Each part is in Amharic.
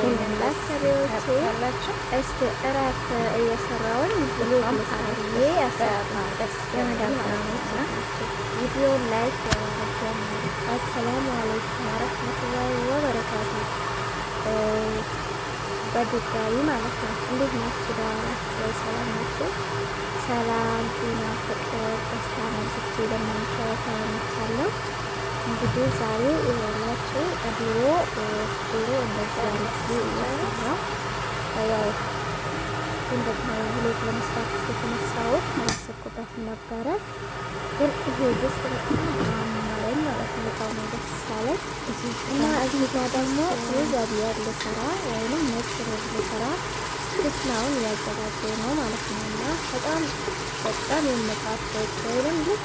እራት እየሰራውን ብሎዬ ያሰራለመዳና ቪዲዮ ላይክ ያደርጋል። አሰላሙ በድጋሚ ማለት ነው። እንዴት ናችሁ? ደህና ናችሁ? ሰላም ናችሁ? ሰላም ጤና፣ ፍቅር፣ ደስታ ነው። ዝቼ ለማንቻ ተመኝቻለሁ። እንግዲህ ዛሬ ይኸውላችሁ ዶሮ ዶሮ እንደዚህ ነው። ያው ለመስራት የተነሳሁት አላሰብኩበት ነበረ፣ ግን ይሄ ውስጥ በጣም አማረኝ ማለት ነው። በጣም ደስ እና እዚህ ጋ ደግሞ ዛቢያር ልሰራ ወይም ነጭ ሮዝ ልሰራ ክፍላውን እያዘጋጀ ነው ማለት ነው እና በጣም በጣም የመጣበት ወይም ልክ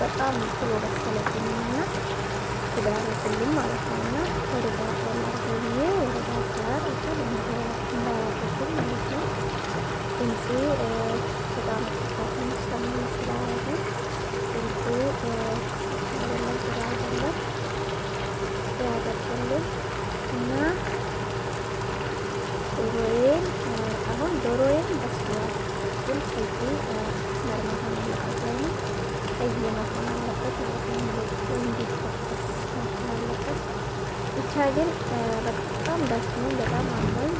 በጣም ቶሎ በሰለብኝና ትዳረትልኝ ማለት ነው እና ወደ ባህርዳር ላርገው ብዬ ወደ ባህርዳር እጅግ እንዳያደርግም ማለት ነው ድምፄ በጣም ጥቃትን ስለምን ስላረጉ ድምፄ አይደለም ስራ አይደለም እና ዶሮዬን አሁን ዶሮዬን በስሏል ግን ከዚህ መሆን አለበት ብቻ ግን በጣም ደስ በጣም አምሮኝ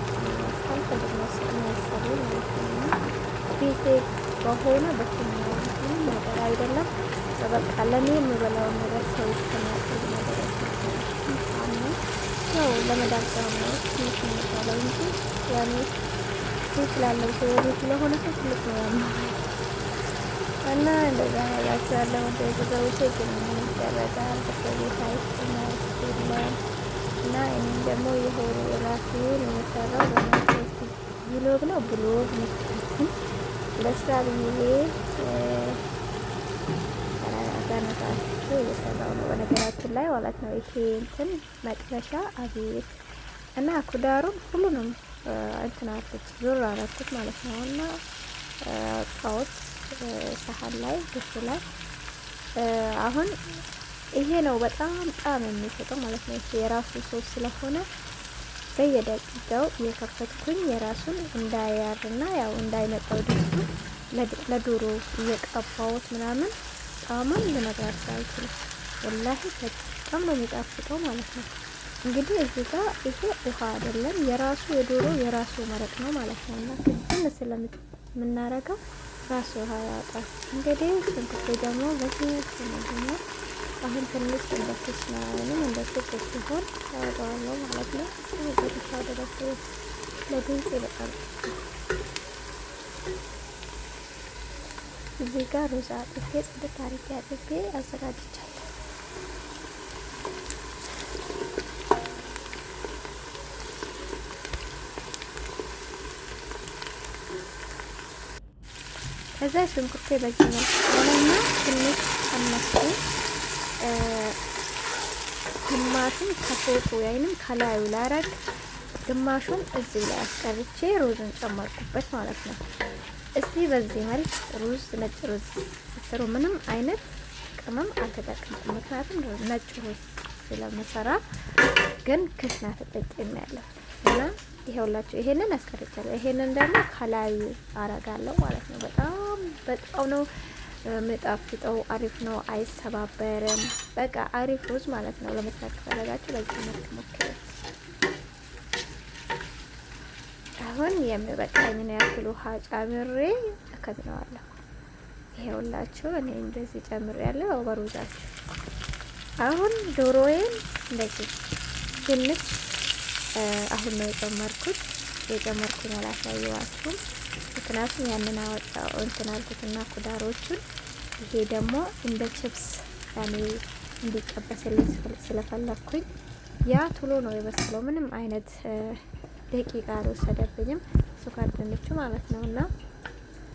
ስታልፈ ድረስ ቤቴ በሆነ በትኛው ምንም ነገር አይደለም። በቃ ለእኔ የምበላውን ነገር ሰው እስከሚያቀርብ ነገር ያው ለመዳቀም ነው ትንሽ የሚባለው እንጂ ያኔ ቤት ሰው ቤት ሰው ትልቅ ነው ያለው እና እንደዛ እላችኋለሁ። እንደ ብዙዎች ይደረጋል በሰቤት አይስና ስለም እና እኔም ደግሞ የሆኑ ራሴን የሰራው ብሎግ ነው ብሎግ ምስክርስም ለስራ ብዬ አጋነታቸው እየሰራው ነው። በነገራችን ላይ ማለት ነው ይሄ እንትን መጥበሻ አቤት እና ኩዳሩም ሁሉንም እንትን አልኩት ዙር አረኩት ማለት ነው እና እቃዎች ሳህን ላይ ድፉ ላይ አሁን ይሄ ነው በጣም ጣም የሚሰጠው ማለት ነው። የራሱ ሶስ ስለሆነ በየደቂቃው እየከፈትኩኝ የራሱን እንዳያርና ያው እንዳይነጠው ድስቱ ለዶሮ እየቀባሁት ምናምን ጣሙን ልነግራችሁ አልችልም። ወላሂ በጣም ነው የሚጣፍጠው ማለት ነው። እንግዲህ እዚህ ጋር ይሄ ውሃ አይደለም የራሱ የዶሮ የራሱ መረቅ ነው ማለት ነው እና ክፍል ስለምናረገው ራሱ ውሃ ያወጣል። እንግዲህ ሽንኩርቱ ደግሞ በዚህ ነው። አሁን ትንሽ እንደክስ ነው ወይም እንደክስ ሲሆን ያወጣዋለሁ ማለት ነው። ዜሻ ደረሱ ለድምፅ ይበቃል። እዚህ ጋር ሩዝ አጥቤ ጽድት አድርጌ አጥቤ አዘጋጅቻል። ከዛ ሽንኩርቴ በዚህ መልኩ ሆነና ትንሽ ቀመስኩ። ግማሹን ከፎቶ ወይንም ከላዩ ላረግ፣ ግማሹን እዚህ ላይ አስቀርቼ ሩዝን ጨመርኩበት ማለት ነው። እስቲ በዚህ መልክ ሩዝ ነጭ ሩዝ ስትሰሩ ምንም አይነት ቅመም አልተጠቀምኩም፣ ምክንያቱም ነጭ ሩዝ ስለምሰራ። ግን ክሽና እና ይሄውላችሁ ይሄንን አስቀርጫለሁ። ይሄንን ደግሞ ከላይ አረጋለሁ ማለት ነው። በጣም በጣም ነው የሚጣፍጠው። አሪፍ ነው፣ አይሰባበርም። በቃ አሪፍ ሩዝ ማለት ነው። ለመስራት ከፈለጋችሁ በዚህ መልክ ሞክሩት። አሁን የሚበቃኝን ያክል ውሃ ጨምሬ እከድነዋለሁ። ይሄውላችሁ እኔ እንደዚህ ጨምሬ ያለው በሩዛችሁ። አሁን ዶሮዬን እንደዚህ ትንሽ አሁን ነው የጨመርኩት። የጨመርኩኝ አላሳየዋችሁም፣ ምክንያቱም ያንን አወጣው እንትን አልኩትና ኩዳሮቹን። ይሄ ደግሞ እንደ ችፕስ ያኔ እንዲጠበስልኝ ስለፈለግኩኝ ያ ቶሎ ነው የበሰለው። ምንም አይነት ደቂቃ አልወሰደብኝም። ስኳር ድንቹ ማለት ነው እና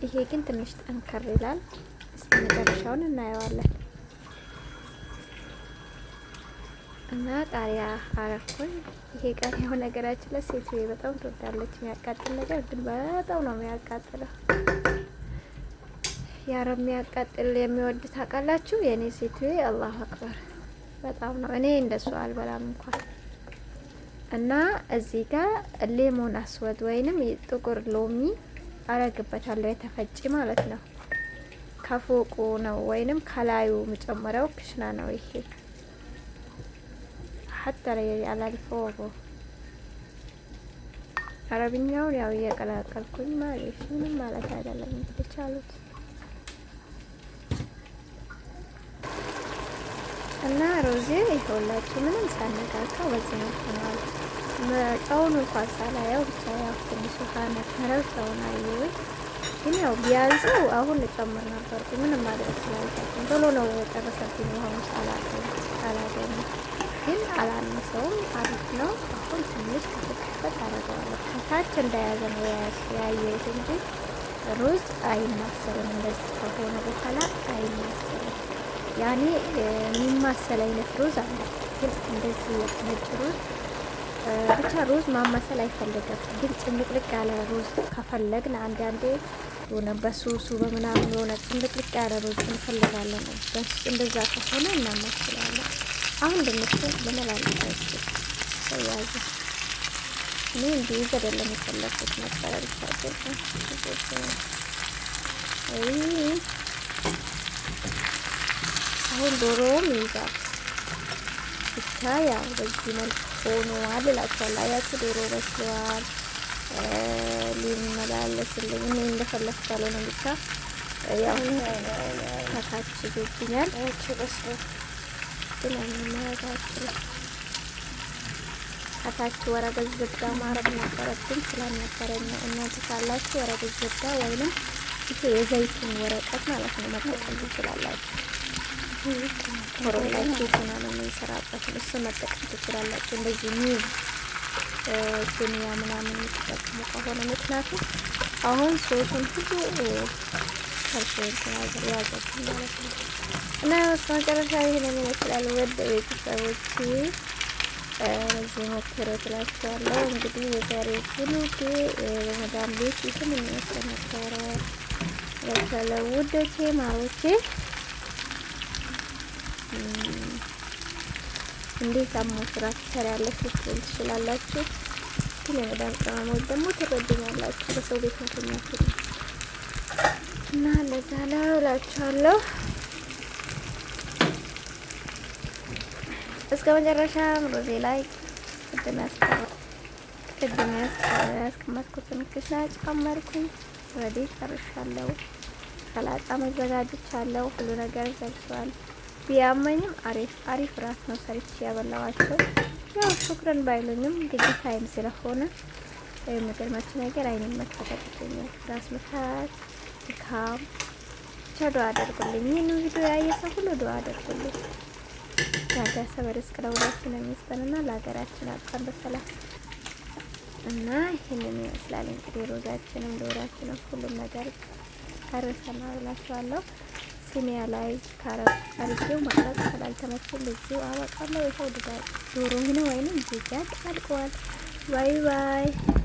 ይሄ ግን ትንሽ ጠንከር ይላል። እስከ መጨረሻውን እናየዋለን። እና ጣሪያ አረኩኝ። ይሄ ቀን የሆነ ነገራችን ላይ ሴት በጣም ትወዳለች የሚያቃጥል ነገር፣ ግን በጣም ነው የሚያቃጥለው። የአረብ የሚያቃጥል የሚወድ ታውቃላችሁ። የእኔ ሴት አላሁ አክበር በጣም ነው። እኔ እንደሱ አልበላም እንኳን እና እዚህ ጋር ሌሞን አስወድ ወይንም ጥቁር ሎሚ አረግበታለሁ የተፈጭ ማለት ነው። ከፎቁ ነው ወይንም ከላዩ መጨመሪያው ክሽና ነው ይሄ حتى على الفوق አረብኛውን ያው እየቀላቀልኩኝ ማለት ምንም ማለት አይደለም። የተቻሉት እና ሮዜ ይኸውላችሁ ምንም ሳነካካ በዚህ መልኩ ጨውን እንኳን ሳላየው ብቻ ያው ትንሽ ውሃ ነበረው። ጨውን አየሁኝ፣ ግን ያው ቢያንሰው አሁን ልጨምር ነበርኩ። ምንም ማድረግ ስላልቻልኩኝ ቶሎ ነው የጨረሰብኝ ውሃውን ሳላገኝ ግን አላነሰውም። አሪፍ ነው። አሁን ትንሽ ከፍትፈት አደረገዋለሁ። ከታች እንደያዘ ነው ያየሁት እንጂ ሩዝ አይማሰልም። እንደዚህ ከሆነ በኋላ አይማሰልም። ያኔ የሚማሰል አይነት ሩዝ አለ፣ ግን እንደዚህ ነጭ ሩዝ ብቻ ሩዝ ማማሰል አይፈልግም። ግን ጭንቅልቅ ያለ ሩዝ ከፈለግን አንዳንዴ የሆነ በሱሱ በምናምን የሆነ ጭንቅልቅ ያለ ሩዝ እንፈልጋለን። በሱ እንደዛ ከሆነ እናማስላል አሁን እንደምትሉ ለመላልስ አይችል ተያዘ። እኔ እንዲህ አይደለም የፈለኩት ነበረ አሁን ዶሮውም ይይዛል ብቻ ያው በዚህ መልክ ሆኗል እላቸዋለሁ። አያችሁ ዶሮ በስለዋል። ሊመላለስልኝ እኔ እንደፈለኩ ካልሆነ ብቻ ያው ታካች ይገኛል። ብለን መሄዳችን ከታች ወረቀት ዝርጋ ማረግ ነበረብን ስላልነበረኝ ነው። እናንተ ካላችሁ ወረቀት ዝርጋ ወይንም ይሄ የዘይቱን ወረቀት ማለት ነው መጠቀም ትችላላችሁ። ወረቀት ይሁን ነው የሚሰራበት እሱ መጠቀም ትችላላችሁ። እንደዚህ ሚል ዱንያ ምናምን የምትጠቀሙ ከሆነ ምክንያቱም አሁን ሶሱን ሁሉ እና መጨረሻ ይሄንን ይመስላል። ወደ ቤተሰቦች እዚህ ሞክሮ ትላቸዋለሁ። እንግዲህ የዛሬ ብሎጌ በመዳም ቤት ይህን የሚመስል ነበረ። ያለ ውዶቼ ማሮቼ እንዴት አሞ ስራ ትሰሪያለች ትችላላችሁ። ግን የመዳም ቅመሞች ደግሞ ትረዱኛላችሁ። በሰው ቤት መተኛት እንደዛ ነው እላችኋለሁ። እስከ መጨረሻም ሮዜ ላይ ቅድም ያስቀመጥኩትን ክሽና ጨመርኩኝ። ወዲህ ጨርሻለሁ። ሰላጣ መዘጋጅቻለሁ። ሁሉ ነገር ገብቷል። ቢያመኝም አሪፍ አሪፍ ራት ነው ሰርቼ ያበላዋቸው። ያው ሹክረን ባይሉኝም ግድ ታይም ስለሆነ የሚገርማችሁ ነገር አይኔን መከታተል ራስ ምታት ድካም ብቻ ዱአ አድርጉልኝ። ይህን ቪዲዮ ያየ ሰው ሁሉ ዱአ አድርጉልኝ። የሀገር ሰበር እስከ ለሁላችን የሚስጠንና ለሀገራችን አብቃን በሰላም እና ይህንን ይመስላል እንግዲህ ሮዛችንም ዶራችንም ሁሉም ነገር አርሰና ብላችኋለሁ። ሲኒያ ላይ ካረብ አርጌው ማለት ስላልተመቸኝ እዚሁ አበቃለሁ። ይኸው ዶሮ ነው ወይንም ጅጃት አልቀዋል። ባይ ባይ።